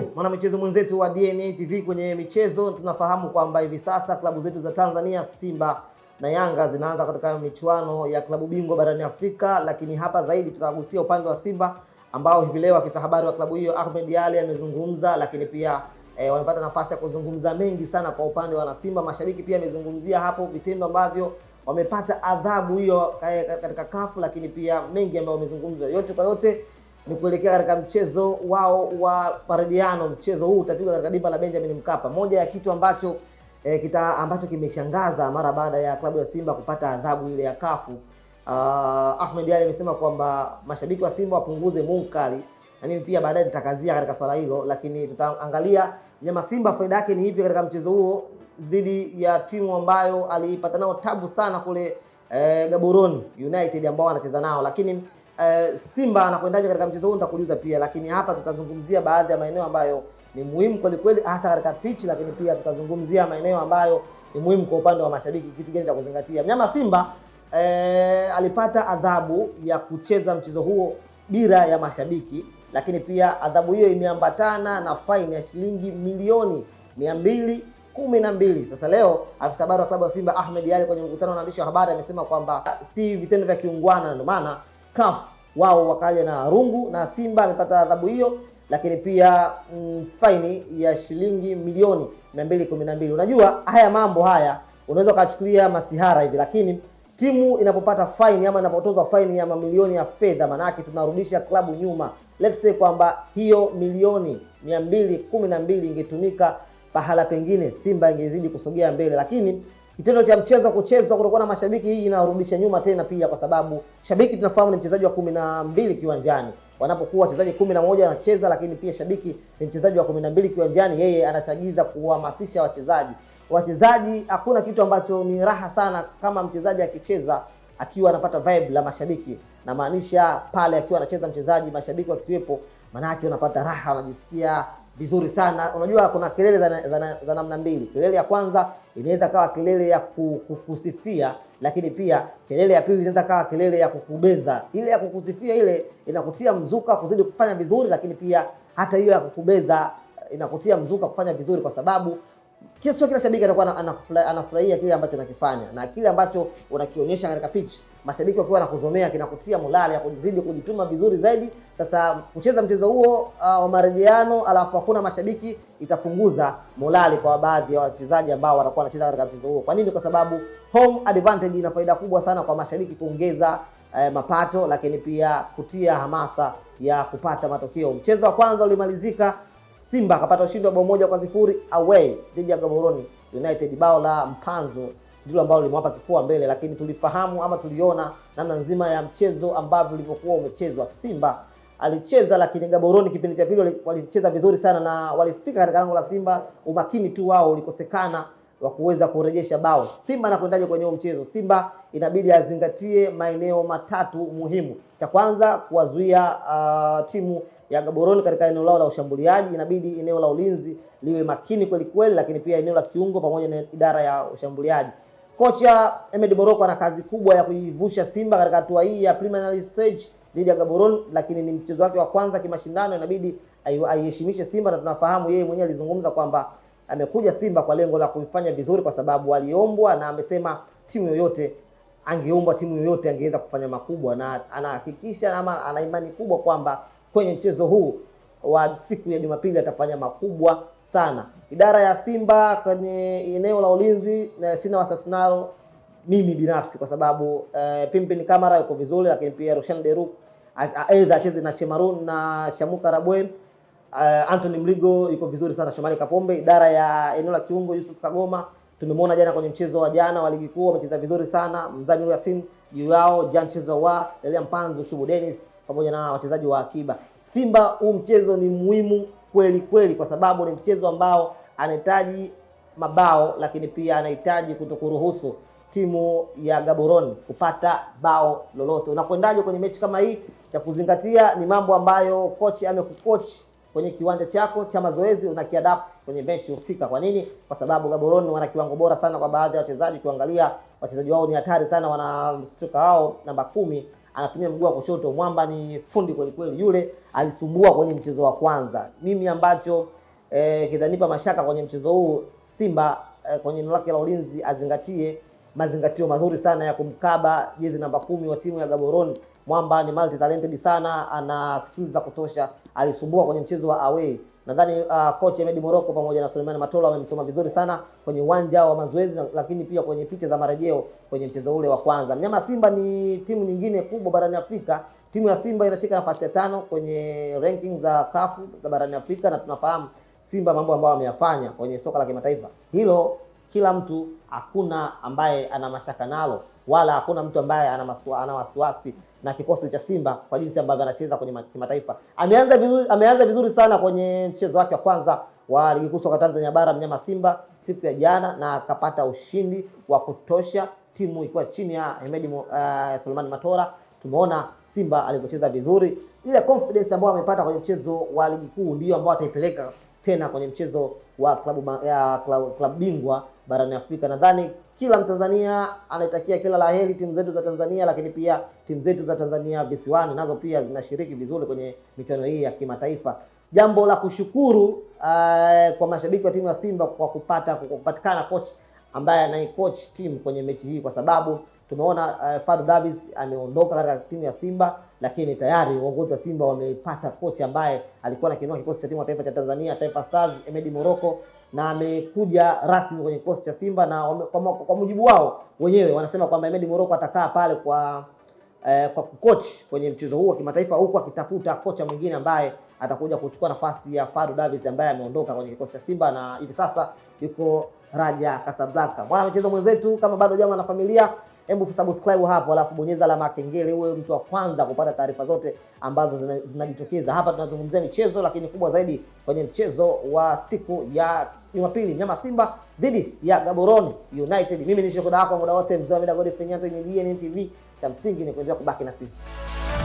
Karibu michezo mwenzetu wa DNA TV kwenye michezo. Tunafahamu kwamba hivi sasa klabu zetu za Tanzania Simba na Yanga zinaanza katika michuano ya klabu bingwa barani Afrika, lakini hapa zaidi tutagusia upande wa Simba ambao hivi leo afisa habari wa klabu hiyo Ahmed Ally amezungumza, lakini pia e, wamepata nafasi ya kuzungumza mengi sana kwa upande wa Simba. Mashabiki pia amezungumzia hapo vitendo ambavyo wamepata adhabu hiyo eh, katika kafu, lakini pia mengi ambayo wamezungumza. Yote kwa yote ni kuelekea katika mchezo wao wa Faridiano. Mchezo huu utapigwa katika dimba la Benjamin Mkapa. Moja ya kitu ambacho eh, kita ambacho kimeshangaza mara baada ya klabu ya Simba kupata adhabu ile ya kafu. Uh, Ahmed Ali amesema kwamba mashabiki wa Simba wapunguze mungu kali, na mimi pia baadaye nitakazia katika swala hilo, lakini tutaangalia nyama Simba faida yake ni ipi katika mchezo huo dhidi ya timu ambayo aliipata nao tabu sana kule eh, Gaboroni United ambao anacheza nao lakini eh, Simba anakwendaje katika mchezo huu nitakujuza pia, lakini hapa tutazungumzia baadhi ya maeneo ambayo ni muhimu kweli kweli, hasa katika pitch, lakini pia tutazungumzia maeneo ambayo ni muhimu kwa upande wa mashabiki, kitu gani cha kuzingatia. Mnyama Simba eh, alipata adhabu ya kucheza mchezo huo bila ya mashabiki, lakini pia adhabu hiyo imeambatana na faini ya shilingi milioni mia mbili kumi na mbili. Sasa leo afisa habari wa klabu ya Simba Ahmed Ally kwenye mkutano na waandishi wa habari amesema kwamba si vitendo vya kiungwana, ndio maana CAF wao wakaja na rungu na Simba amepata adhabu hiyo, lakini pia mm, faini ya shilingi milioni 212. Unajua haya mambo haya unaweza ukachukulia masihara hivi, lakini timu inapopata faini ama inapotozwa faini ya mamilioni ya fedha, maanake tunarudisha klabu nyuma. Let's say kwamba hiyo milioni 212 ingetumika pahala pengine, Simba ingezidi kusogea mbele, lakini kitendo cha mchezo kuchezwa kutokuwa na mashabiki, hii inarudisha nyuma tena pia, kwa sababu shabiki tunafahamu ni mchezaji wa kumi na mbili kiwanjani wanapokuwa wachezaji kumi na moja wanacheza, lakini pia shabiki ni mchezaji wa kumi na mbili kiwanjani. Yeye anachagiza kuhamasisha wachezaji. Wachezaji, hakuna kitu ambacho ni raha sana kama mchezaji akicheza akiwa anapata vibe la mashabiki, na maanisha pale akiwa anacheza mchezaji, mashabiki wakiwepo, maanake unapata raha, wanajisikia vizuri sana. Unajua kuna kelele za namna mbili. Kelele ya kwanza inaweza kawa kelele ya kukusifia, lakini pia kelele ya pili inaweza kawa kelele ya kukubeza. Ile ya kukusifia ile inakutia mzuka kuzidi kufanya vizuri, lakini pia hata hiyo ya kukubeza inakutia mzuka kufanya vizuri kwa sababu kila sio kila shabiki anakuwa anafurahia kile ambacho unakifanya na kile ambacho unakionyesha katika pitch, mashabiki wakiwa wanakuzomea kinakutia morale ya kuzidi kujituma vizuri zaidi. Sasa kucheza mchezo huo uh, wa marejeano alafu hakuna mashabiki, itapunguza morale kwa baadhi ya wachezaji ambao watakuwa wanacheza katika mchezo huo. Kwa nini? Kwa sababu home advantage ina faida kubwa sana kwa mashabiki kuongeza eh, mapato, lakini pia kutia hamasa ya kupata matokeo. Mchezo wa kwanza ulimalizika Simba akapata ushindi wa bao moja kwa sifuri away dhidi ya Gaborone United. Bao la mpanzo ndilo ambalo limewapa kifua mbele, lakini tulifahamu ama tuliona namna nzima ya mchezo ambavyo ulivyokuwa umechezwa. Simba alicheza, lakini Gaborone kipindi cha pili walicheza vizuri sana na walifika katika lango la Simba, umakini tu wao ulikosekana wa kuweza kurejesha bao. Simba anakwendaje kwenye huo mchezo? Simba inabidi azingatie maeneo matatu muhimu. Cha kwanza kuwazuia uh, timu ya Gaborone katika eneo lao la ushambuliaji, inabidi eneo la ulinzi liwe makini kweli kweli, lakini pia eneo la kiungo pamoja na idara ya ushambuliaji. Kocha Ahmed Morocco ana kazi kubwa ya kuivusha Simba katika hatua hii ya preliminary stage dhidi ya Gaborone, lakini ni mchezo wake wa kwanza kimashindano, inabidi aiheshimishe Simba, na tunafahamu yeye mwenyewe alizungumza kwamba amekuja Simba kwa lengo la kuifanya vizuri, kwa sababu aliombwa, na amesema timu yoyote angeombwa, timu yoyote angeweza kufanya makubwa, na anahakikisha ama ana imani kubwa kwamba kwenye mchezo huu wa siku ya Jumapili atafanya makubwa sana. Idara ya Simba kwenye eneo la ulinzi na sina wasiwasi nao mimi binafsi, kwa sababu eh, Pimpin Kamara yuko vizuri, lakini pia Roshan Deru aidha acheze na Chemarun na Chamuka Rabwe. Uh, Anthony Mligo yuko vizuri sana, Shomali Kapombe. Idara ya eneo la kiungo Yusuf Kagoma tumemwona jana kwenye mchezo wa jana wa ligi kuu wamecheza vizuri sana. Mzamiru Yasin juu yao Jan Chezawa, Elia Mpanzu, Shubu Dennis pamoja na wachezaji wa akiba. Simba, huu mchezo ni muhimu kweli kweli, kwa sababu ni mchezo ambao anahitaji mabao, lakini pia anahitaji kutokuruhusu timu ya Gaboroni kupata bao lolote. Unakwendaje kwenye mechi kama hii? Cha kuzingatia ni mambo ambayo kochi amekukochi kwenye kiwanja chako cha mazoezi unakiadapt kwenye mechi husika. Kwa nini? Kwa sababu Gaboroni wana kiwango bora sana kwa baadhi ya wachezaji. Ukiangalia wachezaji wao ni hatari sana, wana wao namba kumi anatumia mguu wa kushoto. Mwamba ni fundi kweli kweli, yule alisumbua kwenye mchezo wa kwanza. Mimi ambacho eh, kitanipa mashaka kwenye mchezo huu Simba eh, kwenye eneo lake la ulinzi azingatie mazingatio mazuri sana ya kumkaba jezi namba kumi wa timu ya Gaborone. Mwamba ni multi talented sana, ana skills za kutosha, alisumbua kwenye mchezo wa away nadhani uh, kocha Medi Moroko pamoja na Suleiman Matola wamemsoma vizuri sana kwenye uwanja wa mazoezi, lakini pia kwenye picha za marejeo kwenye mchezo ule wa kwanza. Mnyama Simba ni timu nyingine kubwa barani Afrika. Timu ya Simba inashika nafasi ya tano kwenye ranking za CAF za barani Afrika, na tunafahamu Simba mambo ambayo ameyafanya kwenye soka la kimataifa, hilo kila mtu, hakuna ambaye ana mashaka nalo wala hakuna mtu ambaye ana maswa, ana wasiwasi na kikosi cha Simba kwa jinsi ambavyo anacheza kwenye kimataifa. Ameanza vizuri, ameanza vizuri sana kwenye mchezo wake wa kwanza wa ligi kuu soka Tanzania bara mnyama Simba siku ya jana, na akapata ushindi wa kutosha, timu ikiwa chini ya Hemedi uh, eh, Sulemani Matora. Tumeona Simba alivyocheza vizuri, ile confidence ambayo amepata kwenye mchezo wa ligi kuu ndio ambayo ataipeleka tena kwenye mchezo wa klabu ya klabu bingwa barani Afrika. Nadhani kila Mtanzania anaitakia kila laheri timu zetu za Tanzania, lakini pia timu zetu za Tanzania visiwani nazo pia zinashiriki vizuri kwenye michuano hii ya kimataifa. Jambo la kushukuru uh, kwa mashabiki wa timu ya Simba kwa kupata kwa kupatikana kocha ambaye anaicoach timu kwenye mechi hii, kwa sababu tumeona uh, Fadlu Davis ameondoka katika timu ya Simba, lakini tayari uongozi wa Simba wamepata coach ambaye alikuwa anakiinua kikosi cha timu ya taifa cha Tanzania Taifa Stars, Emedi Morocco, na amekuja rasmi kwenye kikosi cha Simba na wame, kwa, kwa kwa mujibu wao wenyewe wanasema kwamba Emedi Morocco atakaa pale kwa eh, kwa coach kwenye mchezo huu wa kimataifa huku akitafuta kocha mwingine ambaye atakuja kuchukua nafasi ya Fadlu Davis ambaye ameondoka kwenye kikosi cha Simba na hivi sasa yuko Raja Casablanca. Bwana mchezo mwenzetu, kama bado jamaa na familia, hebu subscribe hapo, alafu bonyeza alama kengele, uwe mtu wa kwanza kupata taarifa zote ambazo zinajitokeza hapa. Tunazungumzia michezo, lakini kubwa zaidi kwenye mchezo wa siku ya Jumapili, nyama Simba dhidi ya Gaborone United. Mimi ni Sheikh Dawa, muda wote mzee wa Godfrey Nyanza kwenye DNN TV, cha msingi ni kuendelea kubaki na sisi.